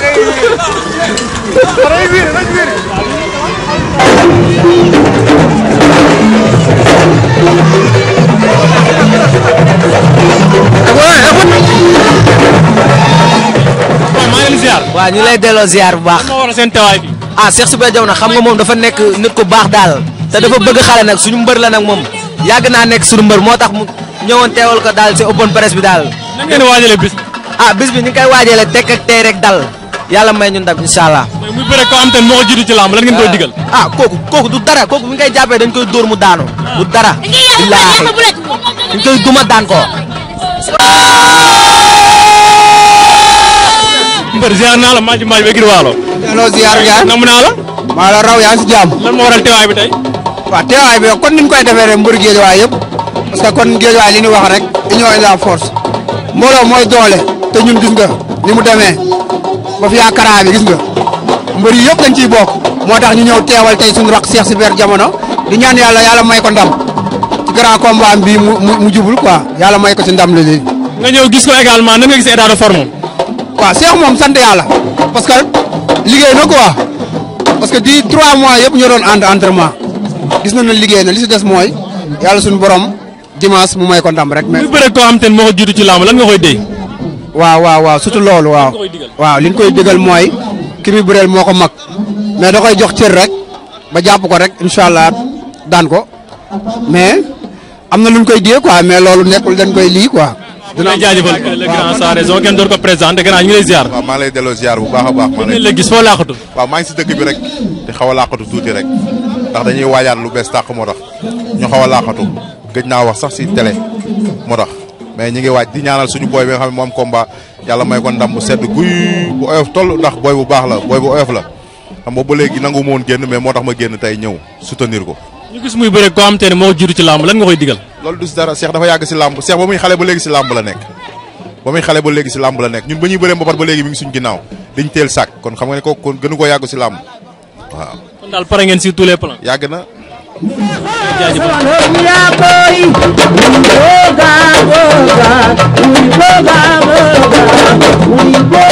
रे Ranveer ñu lay ziar bu baax ah Cheikh Diaw xam nga dafa nit ku baax te dafa bëgg suñu la suñu ko open press bi ngeen bis. ah bis bi ak rek dal yàlla may ñu ndam incha allah. muy bëre ko am te moo ko jiitu ci lamb lan ngeen koy euh, digal. ah kooku kooku du dara kooku bu ñu koy jàppee dañ koy dóor mu daanu. du dara. billaahi dañ koy duma daan ko. mbër ziar naa la maa ngi maa ngi bëgg waalo. delloo ziar Ndiaye namm naa la. maa la raw yaa ngi si jàmm. lan moo waral teewaay bi tey. waaw teewaay bi kon ni ñu koy defee rek mbër géej waay yëpp. parce que kon géej waay li ñu wax rek. union la force. mbooloo mooy doole. te ñun gis nga ni mu demee. ba fi Kara bi gis nga mbër yi yëpp dañ ciy bokk moo tax ñu ñëw teewal tey suñu rakk Cheikh Super Diamono di ñaan yàlla yàlla may ko ndam ci grand combat bi mu mu jubul quoi yàlla may ko ci ndam la léegi. nga ñëw gis ko également nan nga gis état de forme waaw Cheikh moom sant yàlla parce que liggéey na quoi parce que di trois mois yëpp ñu doon ànd entraînement gis na ne liggéey na li si des mooy yàlla suñu borom dimanche mu may ko ndam rek. mais bu bëree koo xam koy dee. waaw waaw waaw surtout loolu waaw. waaw li ñu koy digal mooy. Gris Bordeaux moo ko mag. mais da koy jox cër rek. ba jàpp ko rek incha allah daan ko. mais am na lu ñu koy dee quoi mais loolu nekkul dañ koy lii quoi. dina jaajëfal le grand sans raison kenn doon ko présenté gannaaw lay ziar. waaw maa lay delloo ziar bu baax a baax. maa lay gis foo laaxatu. waaw maa ngi si dëkk bi rek di xaw a laaxatu tuuti rek ndax dañuy waajaat lu bees tàq moo tax ñu xaw a laaxatu gëj naa wax sax si télé moo tax mais ñi ngi waaj di ñaanal suñu boy bi nga xamne mo am combat yalla may ko ndam bu sedd guy bu oyof toll ndax boy bu baax la boy bu oyof la xam bo ba léegi nangu won genn mais motax ma genn tay ñew soutenir ko ñu gis muy bëre ko am tane mo jiru ci lamb lan nga koy diggal lolou du dara cheikh dafa yag ci lamb cheikh ba muy xale ba léegi si lamb la nek ba muy xale ba léegi si lamb la nek ñun bañuy ñuy bëree mbapat ba legi mi ngi suñu ginnaaw dañ teel sàkk kon xam nga ne ko gënu ko yag ci lamb waaw kon dal paré ngeen ci tous les plans yag na Sọlọ́míyá bóyí, òyìnbó ga bóga, òyìnbó ga bóga, òyìnbó.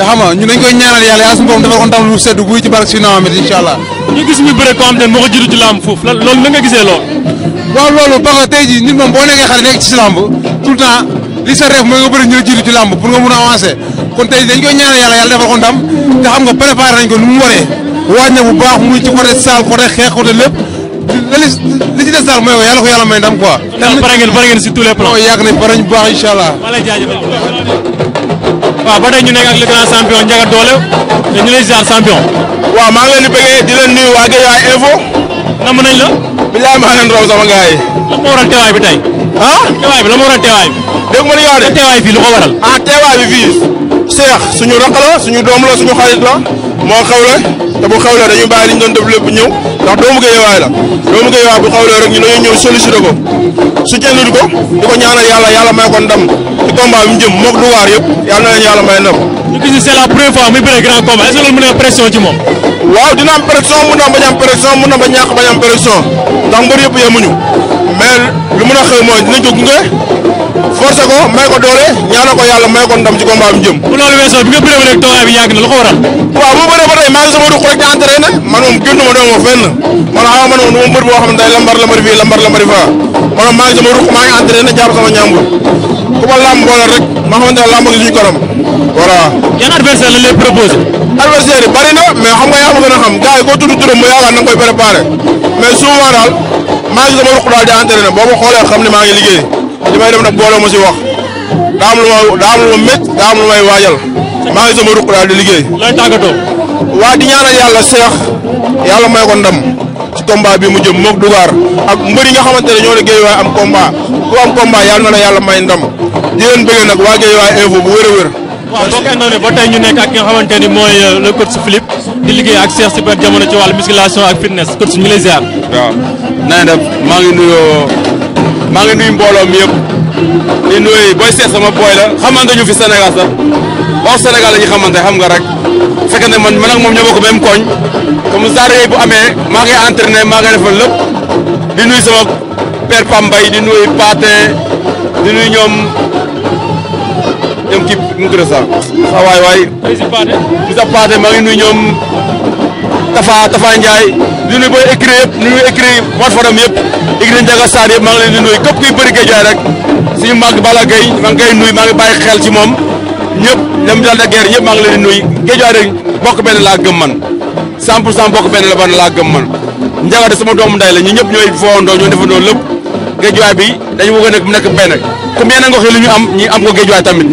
te xam nga ñu dañ ñaanal yàlla yàlla suñu borom dafa lu sedd guy ci barke si naam it incha allah ñu gis ñu bëre ko am ne moo ko jiitu ci làmb nga gisee loolu waaw loolu parce que tey jii nit moom boo nekkee xale nekk ci si làmb tout le temps nga bëri ñu la jiitu ci nga mun a avancer kon tey dañ koy ñaanal yàlla yàlla defal ko ndam te xam mu waree waaj na bu baax muy ci côté saal côté xeex côté lépp li ci des daal mooy waaw ba tey ñu ne ak le grand champion Ndiaga Dollè te ñu lay ziar champion. waaw maa leen di bëggee di leen nuyu waa Guédiawaye info. namm nañ la. bilaay maa leen raw sama gars yi. waral teewaay bi tey. ah teewaay bi lan waral teewaay bi. dégg nga li nga wax de. teewaay fii lu ko waral. ah teewaay bi fii. Cheikh suñu rakk la suñu doom la suñu xarit la. moo xawle te bu xawle dañuy bàyyi li ñu doon lépp ñëw ndax doomu Géejawaay la doomu Géejawaay bu xawle rek ñu dañuy ñëw sollicité ko su jëndul ko di ko ñaanal yàlla yàlla may ko ndam ci combat bi jëm moog du waar yëpp yàlla na leen yàlla may ndam. ñu gis ni c'est la première grand combat est-ce que loolu pression ci moom. waaw dina pression mun na bañ pression mun na ba ñàkk bañ am pression ndax mbër yëpp yemuñu mais lu mën a xew mooy dina jóg forcé ko may ko doole ñaanal ko yàlla may ko ndam ci combat bi jëm. bu loolu weesoo bi nga bëree ba rek toogaay bi yàgg na waral. waaw bu bëree ba tey maa ngi sama dugub rek di entraîné man moom ma demoo fenn man ah man moom ma mbër boo xam ne day lambar lambar fii lambar lambar faa man moom maa ngi sama maa ngi entraîné jàpp sama ñaambur ku ma làmb boole rek ma xamante yi bari na mais xam nga yaa ma gën a xam gars yi koo ngi sama xam li dem nak bolo mo ci wax daa am lu ma daa am ma métti daa may waajal maa ngi sama rukura di liggey lay tagato wa di ñaanal yalla cheikh yalla may ko ndam ci combat bi mu jëm moog dugar ak mbeuri nga xamantene ñoo liggey way am combat ku am combat yalla na yalla may ndam di len bëggee nak wa géej way info bu wëre a wa waaw boo noné ba tay ñu nekk ak nga xamantene moy euh, le coach Philippe di liggey ak Cheikh Super jamono ci wàllu musculation ak fitness coach ñu lay ziar. wa na def maa ngi nuyo maa ngi nuyu mbooloo mi yëpp di nuyu booy seet sama booy la xamante ñu fi Sénégal sax hors Sénégal la ñu xamante xam nga rek fekk ne man man ak moom ñoo bokk même koñ comme genre yooyu bu amee maa ngi entraîné maa ngi defal lépp di nuyu sama père Pambay di nuyu Patin di nuyu ñoom ñoom kii mu tudd sax. waay waay. Moussa Patin Moussa maa ngi nuyu ñoom. Tafa Tafa Ndiaye di nuyu booy écrit yëpp di nuyu écrit Mor Fadam yëpp écrit Ndiaga Sarr yëpp maa ngi leen di nuyu képp kuy bëri Guédiawaye rek suñu mag Balla Gaye maa ngi koy bàyyi xel ci moom ñëpp ñoom daal de guerre ñëpp maa ngi leen di nuyu Guédiawaye rek bokk benn laa gëm man 100 pour 100 bokk benn la ban laa gëm man Ndiaga de sama doomu nday la ñu ñëpp ñooy foowandoo ñoo defandoo lépp Guédiawaye bi dañu bëgg a nekk mu nekk benn comme am ñu am ko Guédiawaye tamit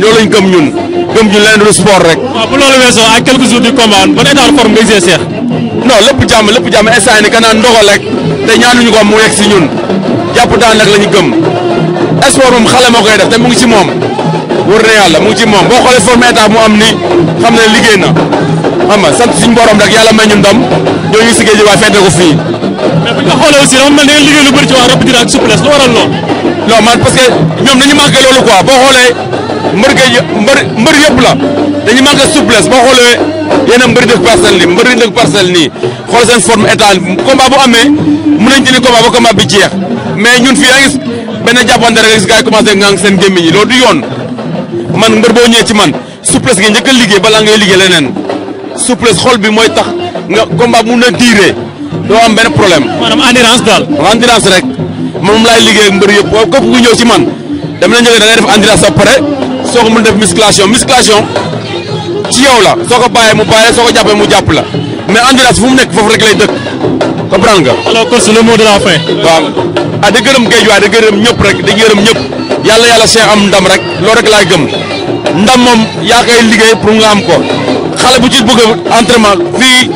non lépp jàmm lépp jàmm instant ni kanaan ndogal rek te ñaanuñu ko mu yegg si ñun jàpp daan nag la ñu gëm sport moom xale moo koy def te mu ngi ci moom wër na yàlla mu ngi ci moom boo xoolee forme état mu am ni xam ne liggéey na xam nga sant suñu borom rek yàlla may ñu ndam ñoo ngi si géej waaye fete ko fii. mais xoolee aussi dafa ne liggéey lu bëri ci waa rapidité ak souplesse lu waral lool. non man parce que ñoom dañu manqué loolu quoi boo xoolee. mbër ga mbër mbër yëpp la dañu manqué souplesse boo xoolee yéen a mbër dëkk parcelle ni mbër dëkk parcelle ni xool seen forme état combat bu amee mën nañ jëli combat ba combat bi jeex mais ñun fii da gis benn jàppante rek gis gars yi commencé ngang seen gémmiñ yi loolu du yoon man mbër boo ñëwee ci man souplesse gi njëkk a liggéey balaa ngay liggéey leneen souplesse xol bi mooy tax nga combat mun na diire doo am benn problème. maanaam endurance daal. endurance rek moom laay liggéey ak mbër yëpp waaw ñëw ci man dama la njëkk da ngay def endurance ba soo ko mën def musculation musculation ci yow la soo ko bàyyee mu bàyyee soo ko jàppee mu jàpp la mais endurance fu mu nekk foofu rek lay dëkk comprendre nga. alors coach le de la fin. waaw ah di gërëm géej waaye di ñëpp rek di gërëm ñëpp yàlla yàlla Cheikh am ndam rek loolu rek laay gëm ndam moom yaa koy liggéey pour nga am ko xale bu ci bëgg entraînement fii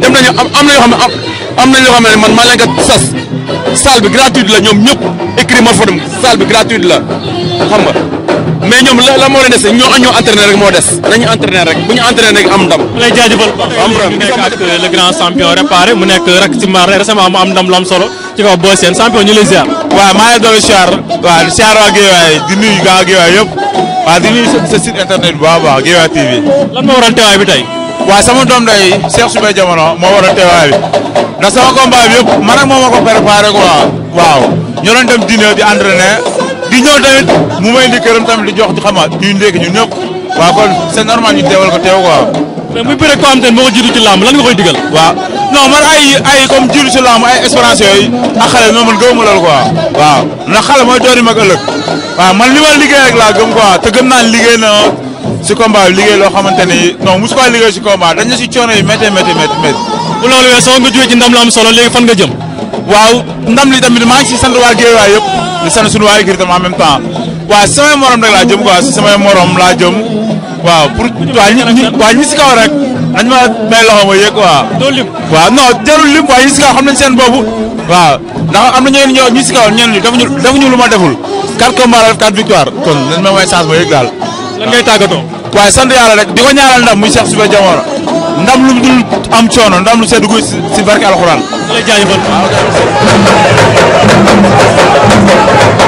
dem nañu am am na yoo xam ne am nañ loo xam ne man maa leen ko sas salle bi gratuite la ñoom ñëpp écrit ma fa dem bi gratuite la xam nga. mais ñoom la la moo leen dese ñoo ñoo entraîné rek moo des nañu entraîné rek bu ñu entraîné rek am ndam. lay jaajëfal am problème nekk mu nekk rak ci mbaar récemment mu am ndam lu solo ci kaw boo seen ñu lay ziar. waaw maa ngi doon ziar waaw ziar waa Guédiawaye di nuyu gaa Guédiawaye yëpp waaw di nuyu sa site internet bu baax a baax Guédiawaye TV. lan moo waral teewaay bi tey. waaw sama doom day moom moo ko préparé quoi waaw ñoo doon dem di entraîné. di ñëw tamit mu may indi këram tamit di jox xam nga ñuy ñu ñëpp waaw kon c'est normal teewal ko teew quoi. mais muy bëre koo xam te ne moo ko jiitu ci làmb lan nga koy digal. waaw non man ay ay comme jiitu ci ay espérance yooyu ak xale bi ma mën gëmuma loolu quoi. waaw ndax xale mooy doori mag ëllëg. waaw man li ma liggéey rek laa gëm quoi te gëm naa liggéey na si combat liggéey loo xamante ni non mosu ko liggéey si combat dañ si coono yi métti métti métti métti. la am solo léegi fan nga jëm. waaw ndam li di sant suñu waa écurie en même temps waaw si samay morom laa jëm quoi waa ñi waa ñi si kaw rek nañ ma may loxo ma yëg waaw. doo lim waaw non jarul lim waaye ñi si kaw xam nañ seen boobu waaw ndax am na ñooñu ñoo ñi si kaw ñenn ñi defuñu defuñu lu ma deful quatre combats def quatre victoire kon nañ ma may chance ma yëg daal. lan ngay tàggatoo. waaye sant yàlla rek di ko ñaaral ndam muy Cheikh Super Diamora ndam lu dul am coono ndam lu sedd guy si barke alxuraan. ¡Suscríbete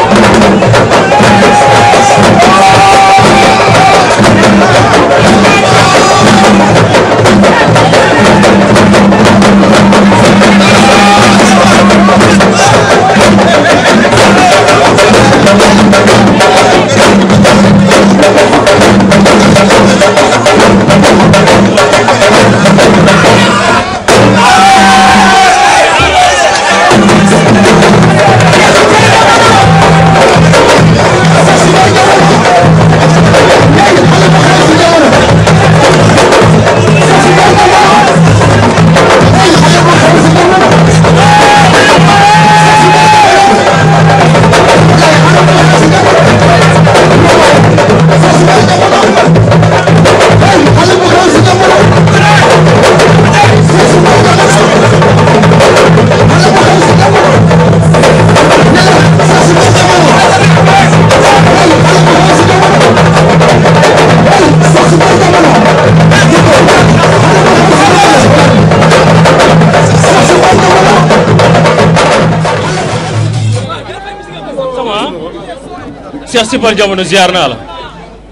principal jamono ziar naa la.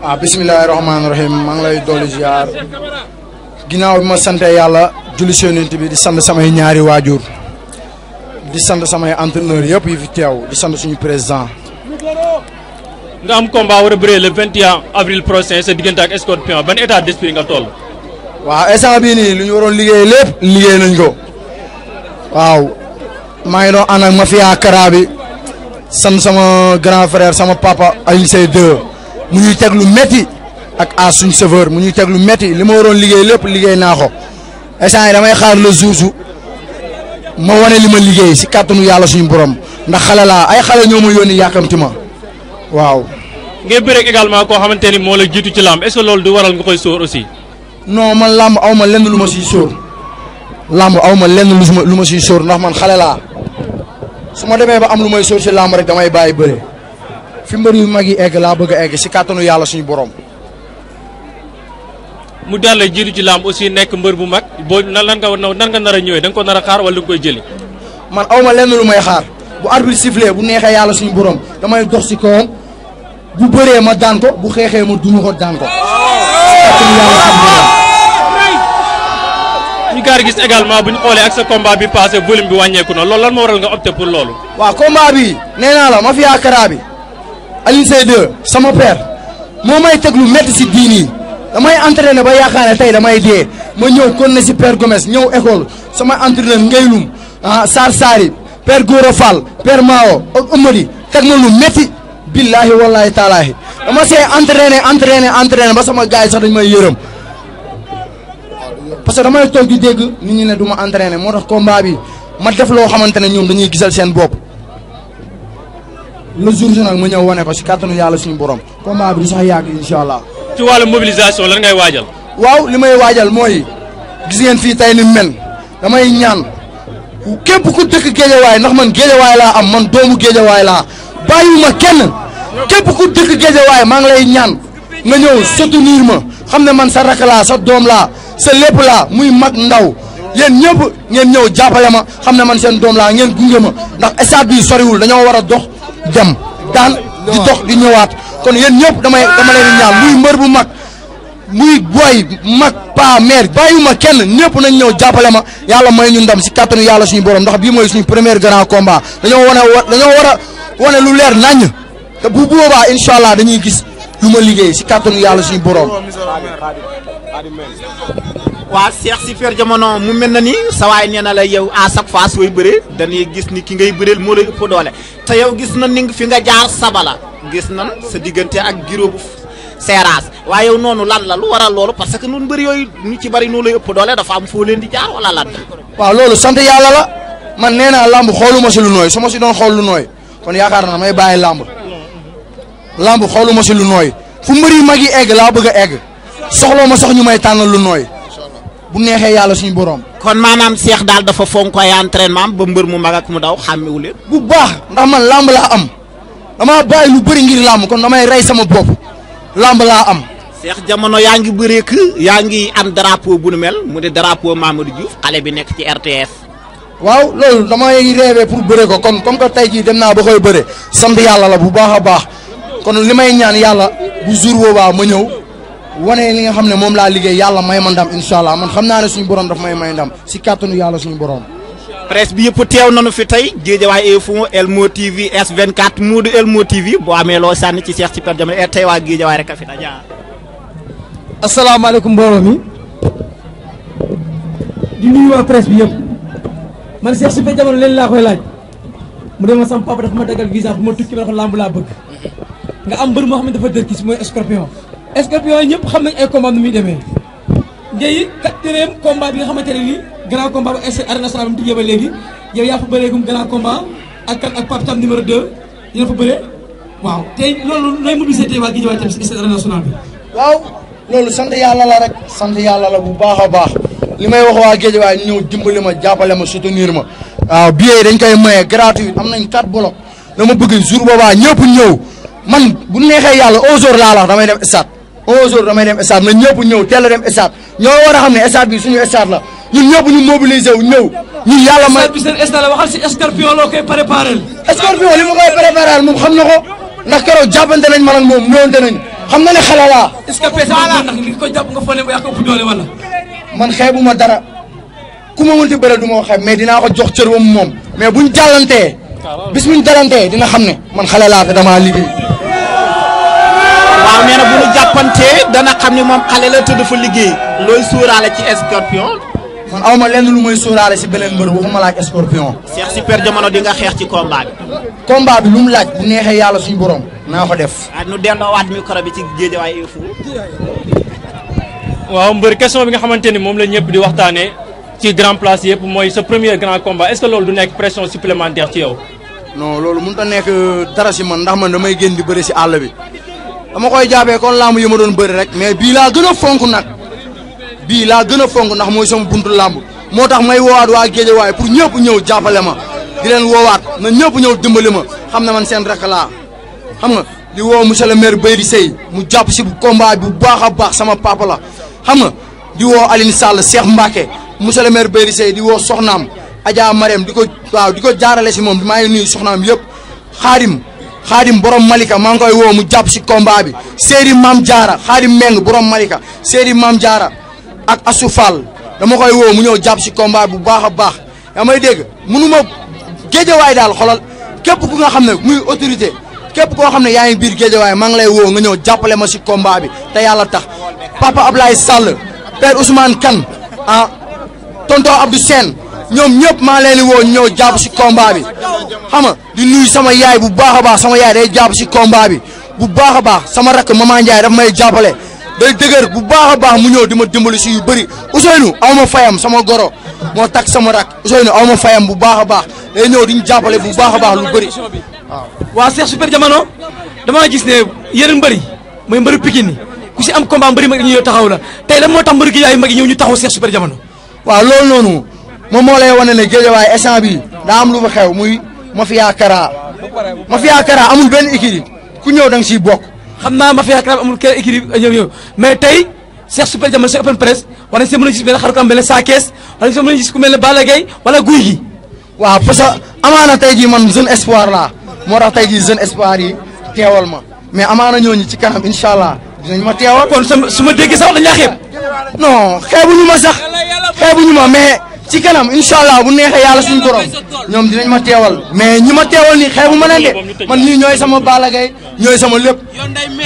waaw ah, bisimilah rahmaani ngi lay dolli ziar ginnaaw bi ma sant yàlla julli séenante bi di sant samay ñaari waajur di sant samay entraîneur yëpp yi fi teew di sant suñu président. nga am combat war a bëree le 21 avril prochain sa diggante ak Scorpion ban état d'esprit nga toll. waaw instant bii nii lu ñu waroon lépp liggéey nañ ko. waaw maa doon ànd ak mafia kara san sama grand frère sama papa Alioune Seye 2 mu ñuy teg lu ak à suñ serveur mu ñuy teglu lu li ma waroon liggéey lépp liggéey naa ko instant yi damay xaar le jour ma wane li ma liggéey si kàttanu yàlla suñu borom ndax xale laa ay xale ñoo ma yónni yàkkamti ma waaw. ngeen bëreeg également koo xamante ni moo la jiitu ci làmb est-ce que du waral nga koy sóor aussi. non man làmb aw ma lenn lu ma siy sóor làmb aw ma lenn lu ma lu ma siy sóor ndax man xale laa. su ma demee ba am lu may sóor si làmb rek damay bàyyi bëre fi mbër yu mag yi egg laa bëgg a egg si kàttanu yàlla suñu borom. mu dàll lay jiitu ci làmb aussi nekk mbër bu mag boo nan lan nga nan nga nar a ñëwee da nga ko nar a xaar wala da nga koy jëli. man awma lenn lu may xaar bu arbitre sifflé bu neexee yàlla suñu borom damay dox si kawam bu bëree ma daan ko bu xeexee ma duma ko daan ko. kàttanu yàlla suñu borom. ñu gaar gis également bu ñu xoolee ak sa combat bi passé volume bi wàññeeku na loolu lan moo waral nga opté pour loolu. waaw combat nee naa la ma fi akara bi Alioune Seye sama père moo may teg lu métti si diin yi damay entraîné ba yaakaar ne tey damay dee ma ñëw kon ne si père Gomes ñëw école sama entraîneur Ngaylum ah Saar Saari père Gora Fall père Mao ak teg ma lu métti billahi wallahi taalaahi dama see entraîné entraîné entraîné ba sama gars sax dañu may yërëm. parce que damay tok di deg, nit ñi ne duma entraîner entraîné tax combat bi ma def lo xamantene ñun dañuy gisal seen bop le jour nag ma ñew woné ko si kàttanu yalla suñu borom combat bi sax yaag inshallah allah. ci wàllu mobilisation lan ngay wajal waw limay wajal moy gis ngeen fi tay ni mel damay ñaan kepp ku dëkk way nak man way la am man doomu way la bàyyiwuma kenn kepp ku dëkk way ma ngi lay ñaan nga ñew soutenir ma xamne ne man sa rakk la sa dom la sa lepp la muy mag ndaw yen ñepp ngeen ñew jàppale ma xam ne man sen dom la ngeen gunge ma ndax stade bi wul dañoo wara a dox dem daan di dox di ñëwaat kon yen ñepp dama dama leen ñaan muy mbër bu mag muy boy mag pa mère bàyyiwuma kenn ñepp nañ ñew jàppale ma yàlla may ñu ndam si carton yalla suñu borom ndax bi moy suñu premier grand combat dañoo wone dañoo wara a lu leer nañ te bu booba inshallah allah dañuy gis lu ma liggéey si kàttanu yàlla suñu borom. waa Cheikh si fer jamono mu mel na ni sawaay nee na la yow à chaque fois sooy bëree dañuy gis ni ki ngay bëreel moo lay ëpp doole te yow gis na ni fi nga jaar sabala gis nan sa diggante ak giroo bu seeraas waaye yow noonu lan la lu waral loolu parce que nun bëri yooyu ñu ci bëri noo lay ëpp doole dafa am foo leen di jaar wala lan waaw loolu sant yàlla la man nee naa làmb xooluma si lu nooy su ma si doon xool lu nooy lamb xooluma si lu nooy fu mbëri mag yi egg laa bëgg a egg soxloo ma sox ñu may tànnal lu nooy bu neexee yàlla suñu borom. kon maanaam Cheikh daal dafa fonk ay entraînement ba mbër mu mag ak mu daw xàmmewu leen bu baax ndax man lamb laa am damaa bàyyi lu bëri ngir lamb kon damay rey sama bopp lamb laa am. Cheikh jamono yaa ngi bëreek yaa ngi am drapeau bu nu mel mu ne drapeau Mamadou Diouf xale bi nekk ci RTS. waaw loolu damay rêvé pour bëre ko kon comme que tey jii dem naa ba koy bëre sant yàlla la bu baax a baax kon li may ñaan yàlla bu jour boobaa ma ñëw wane li nga xam ne moom laa liggéey yàlla may ma ndam incha allah man xam naa ne suñu borom daf may may ndam si kàttanu yàlla suñu borom. presse bi yëpp teew nañu fi tey Guédiawaye Info Elmo TV S24 Moodu Elmo TV boo amee loo sànni ci Cheikh Super Diamano eh, tey waa Guédiawaye rek a fi daje. asalaamaaleykum mbooloo mi di nuyu waa presse bi yëpp man Cheikh Super Diamano leen laa koy laaj mu dem ma sama dafa ma laa bëgg. nga am mbër moo xam ne dafa dër kis mooy Scorpion Scorpion yi ñëpp xam nañ ay combat nu muy demee ngay quatrième combat bi nga xamante ne nii grand combat bu SR Arène Nationale bi mu tijjee ba léegi yow yaa fa bëreegum grand combat ak kan ak Pape Tam numéro 2 yéen fa bëree waaw tey loolu nooy mobilisé tey waa Guédiawaye tam si SR Arène Nationale bi. waaw loolu sant yàlla la rek sant yàlla la bu baax a baax li may wax waa Guédiawaye ñëw dimbali ma jàppale ma soutenir ma. waaw billets yi dañ koy maye gratuit am nañ 4 blocs dama bëgg jour boobaa ñëpp ñëw. man bu neexee yàlla onze heures laa la wax damay dem stade onze heures damay dem stade na ñëpp ñëw teel a dem stade ñoo war a xam ne stade bi suñu stade la ñun ñëpp ñu mobilisé wu ñëw ñun yàlla may. stade bi seen stade la waxal si Scorpion loo koy préparé. Scorpion li ma koy préparé moom xam na ko ndax keroog jàppante nañ man ak moom mënante nañ xam na ne xale laa. est-ce que peese ndax li ko jàpp nga fone ba yaa ko ëpp doole wala. man xeebu ma dara ku ma mënti bëre du ma ko xeeb mais dinaa ko jox cër ba mu moom mais buñ jàllantee. bis buñ dalantee dina xam ne man xale laa te damaa liggéey. waaw nee na bu ñu jàppantee dana xam ne moom xale la tudd fa liggéey. looy suuraale ci Scorpion. man aw ma lenn lu may suuraale si beneen mbër waxuma laaj Scorpion. Cheikh Super Jamono di nga xeex ci combat bi. combat bi lu mu laaj bu neexee yàlla suñu borom. naa ko def. ah nu delloowaat micro bi ci Guédiawaye Infos. waaw mbër question bi nga xamante ni moom la ñëpp di waxtaane ci grand place yëpp mooy sa premier grand combat est-ce que loolu du nekk pression supplémentaire ci yow. non loolu mënut a nekk euh, dara si man dax man damay génn di bëri si àll bi dama koy jaabee kon làmb yi ma doon bëri rek mais bii laa gën a fonk nag bii laa gën a fonk ndax mooy sama buntu làmb moo tax may woowaat waa Géejawaay pour ñëpp ñëw jàppale ma di leen woowaat na ñëpp ñëw dimbali ma xam na man seen rakk laa xam nga di woo monsieur le maire Bayri Sey mu jàpp si combat bu baax a baax sama papa xam nga di woo Aline Sall Cheikh Mbacke monsieur le maire Bayri Sey di woo soxnaam Adja Marème di ko waaw di ko jaarale si moom maa ngi nuyu soxnaam yëpp xaadim xaadim borom Malika maa ngi koy woo mu jàpp si combat bi Seydi Maam Diarra xaadim Meng borom Malika Seydi Maam Diarra ak Assou dama koy woo mu ñëw jàpp si combat bu baax a baax yaa may dégg mënu ma géejawaay daal xolal képp ku nga xam ne muy autorité képp koo xam ne yaa ngi biir géejawaay maa ngi lay woo nga ñëw jàppale ma si combat bi te yàlla tax papa Ablaye Sall père Ousmane Kane ah tonton Abdou ñoom ñëpp maa leen di woo ñëw jàpp si combat bi xam nga di nuyu sama yaay bu baax a baax sama yaay day jàpp si combat bi bu baax a baax sama rakk maman Ndiaye daf may jàppale day dëgër bu baax a baax mu ñëw di ma dimbali si yu bëri Ousseynou aw ma fayam sama goro moo takk sama rakk Ousseynou aw ma fayam bu baax a baax day ñëw di ñu jàppale bu baax a baax lu bëri waaw. waa Cheikh Super Jamono damaa gis ne yeneen mbëri mooy mbëri Pikine yi ku si am combat mbëri mag ñi taxaw la tey lan moo tax mbëri gi yaay mag ñëw ñu taxaw Cheikh Super Jamono. moom moo lay wane ne géejawaay instant bi daa am lu fa xew muy mafia Kara mafia Kara amul benn écurie ku ñëw da nga siy bokk. xam naa mafia Kara amul kenn écurie ñëw ñëw mais tey Cheikh Super Diamane si open press wala si mën a gis benn ku si mën a ku mel ne Balla Gaye wala guy gi. waaw parce que amaana tey jii man jeune espoir la moo tax tey jii jeune espoir yi teewal ma mais amaana ñooñu ci kanam incha allah dinañ ma kon su ma déggee sax dañ laa xeeb. non xeebuñu ma sax xeebuñu ma mais. ci kanam incha allah bu neexee yàlla suñu borom ñoom dinañ ma teewal mais ñi ma teewal nii xeebu ma leen de man nii ñooy sama Balla Gaye ñooy sama lépp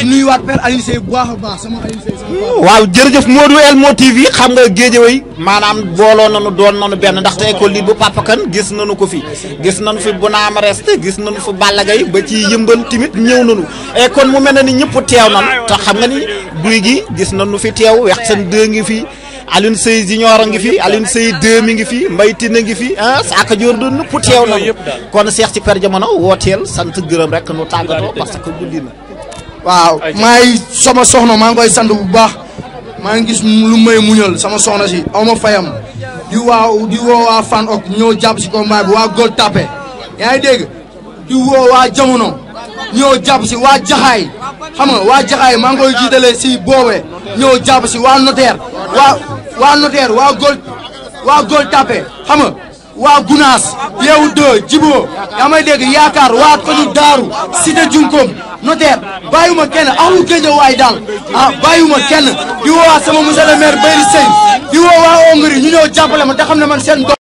nuyuwaat Père Alioune Seye bu baax a baax sama Alioune Seye sama waaw jërëjëf xam nga géejëway maanaam booloo nanu doon nanu benn ndax te école li bu Papa Kane gis nanu ko fi gis nanu fi Bounama Rest gis nanu fi Balla Gaye ba ci yëmbal timit ñëw nanu e kon mu mel ne ni ñëpp teew nan te xam nga ni duy gi gis nanu fi teew wex seen ngi fii Alun sey di a ngi fi alun sey de mi ngi fi Mbaye Tine ngi fi ah Saka Dior doon na puteew na kon Cheikh Super jamono wotel sante geureum rek nu tagato parce que waaw may sama soxna ma ngoy sante bu baax ma ngi gis lu may muñal sama soxna si awma fayam di waaw di wo wa fan ok ñëw japp ci combat bi wa gol tapé yaay deg di wo wa jamono ñëw japp si wa jaxay xam nga wa jaxay ma ngoy jidale ci si boobe japp ci wa notaire wa waa notaire waa Gueule waa Gueule Tapée xam nga waa Gunaas Yeewu Deux Jiboo yaa may dégg yaakaar waa koñu daaru Cité Junkoom notaire bàyyiwuma kenn amul géejawaay daal ah bàyyiwuma kenn di woo sama monsieur le maire Bayri Sèye di woo waa Hongrie ñu ñëw jàppale ma te xam ne man seen